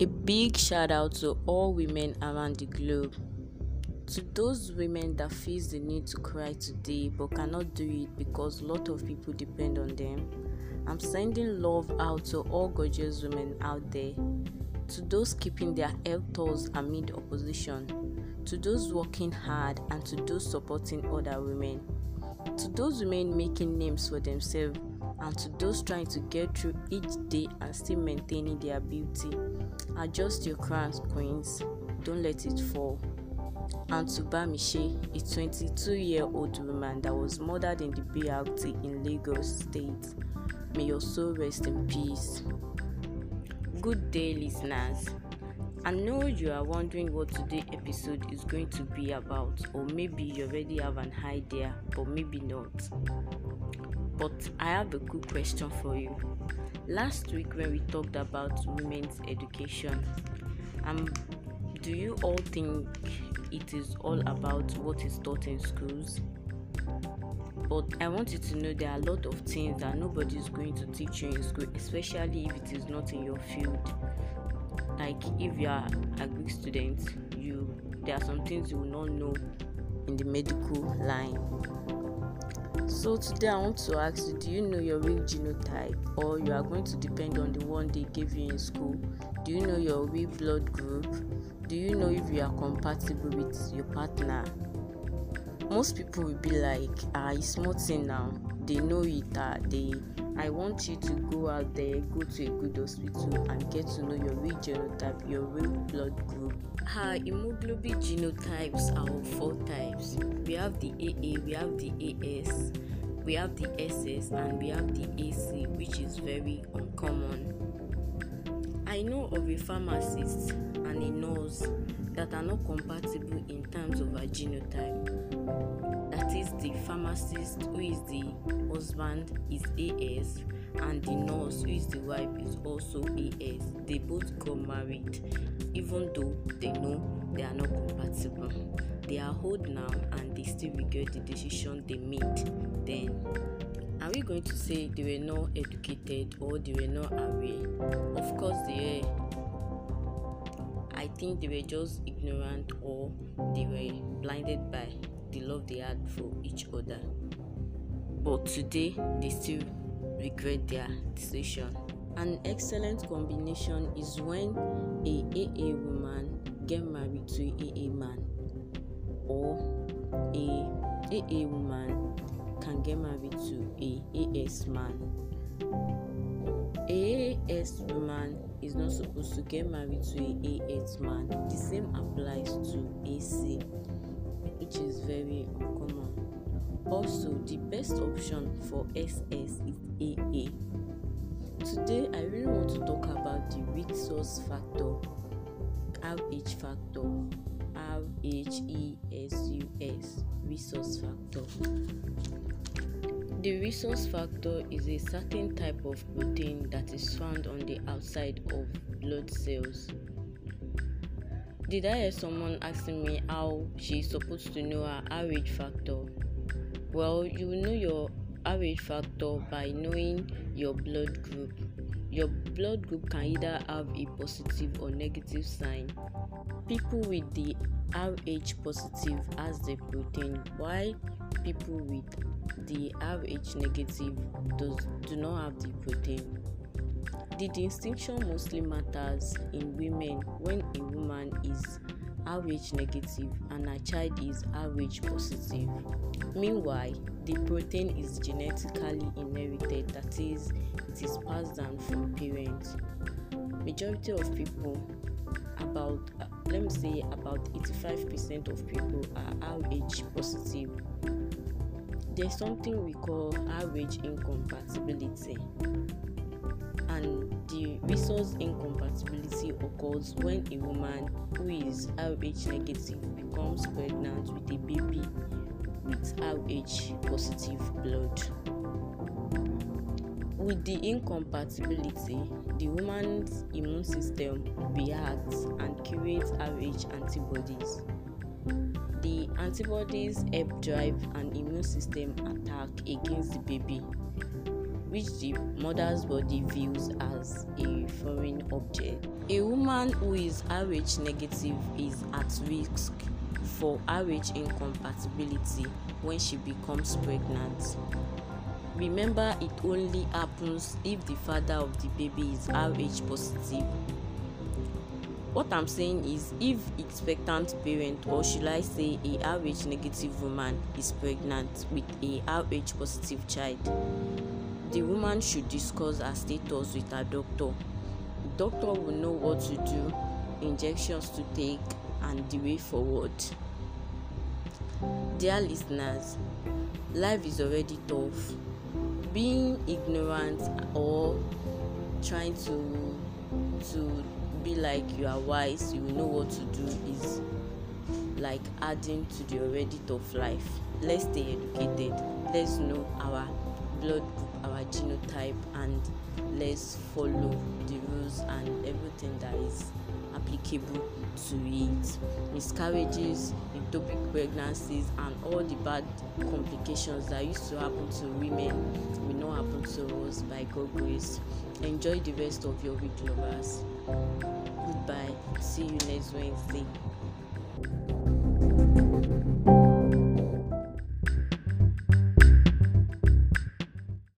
A big shout out to all women around the globe. To those women that feel the need to cry today but cannot do it because a lot of people depend on them, I'm sending love out to all gorgeous women out there. To those keeping their health thoughts amid opposition, to those working hard and to those supporting other women, to those women making names for themselves and to those trying to get through each day and still maintaining their beauty. Adjust your crowns, queens, don't let it fall. to Miche, a 22 year old woman that was murdered in the BRT in Lagos State. May your soul rest in peace. Good day, listeners. I know you are wondering what today's episode is going to be about, or maybe you already have an idea, but maybe not. But I have a good question for you. Last week, when we talked about women's education, um, do you all think it is all about what is taught in schools? But I want you to know there are a lot of things that nobody is going to teach you in school, especially if it is not in your field. Like if you are a Greek student, you there are some things you will not know in the medical line so today I want to ask you, do you know your real genotype or you are going to depend on the one they gave you in school? Do you know your real blood group? Do you know if you are compatible with your partner? Most people will be like, ah, it's nothing now. They know it. Ah, they. I want you to go out there, go to a good hospital, and get to know your real genotype, your real blood group. Our hemoglobin genotypes are of four types. We have the AA, we have the AS, we have the SS and we have the AC, which is very uncommon. I know of a pharmacist and a nurse that are not compatible in terms of a genotype. That is, the pharmacist, who is the husband, is AS, and the nurse, who is the wife, is also AS. They both got married, even though they know they are not compatible. They are old now and they still regret the decision they made then. Are we going to say they were not educated or they were not aware? Of course they were. I think they were just ignorant or they were blinded by the love they had for each other. But today they still regret their decision. An excellent combination is when a AA woman get married to a, a man or a A A woman can get married to a AS man. A AS woman is not supposed to get married to a AS man. The same applies to AC, which is very uncommon. Also, the best option for SS is AA. Today, I really want to talk about the resource factor RH factor, RHESUS, resource factor. The resource factor is a certain type of protein that is found on the outside of blood cells. Did I hear someone asking me how she's supposed to know her RH factor? Well, you know your RH factor by knowing your blood group. Your blood group can either have a positive or negative sign. People with the Rh positive has the protein, while people with the Rh negative does, do not have the protein. The distinction mostly matters in women when a woman is Average negative, and her child is average positive. Meanwhile, the protein is genetically inherited, that is, it is passed down from parents. Majority of people, about let me say about 85% of people are average positive. There's something we call average incompatibility and the resource incompatibility occurs when a woman who is Rh negative becomes pregnant with a baby with Rh positive blood. With the incompatibility, the woman's immune system reacts and creates Rh antibodies. The antibodies help drive an immune system attack against the baby, which the mother's body views as a object. A woman who is Rh negative is at risk for Rh incompatibility when she becomes pregnant. Remember, it only happens if the father of the baby is Rh positive. What I'm saying is, if expectant parent, or should I say a Rh negative woman, is pregnant with a Rh positive child, the woman should discuss her status with her doctor doctor will know what to do, injections to take, and the way forward. Dear listeners, life is already tough. Being ignorant or trying to to be like you are wise, you know what to do is like adding to the already tough life. Let's stay educated. Let's know our blood our genotype and let's follow the rules and everything that is applicable to it. Miscarriages, ectopic pregnancies, and all the bad complications that used to happen to women will not happen to us by God's grace. Enjoy the rest of your week, lovers. Goodbye. See you next Wednesday.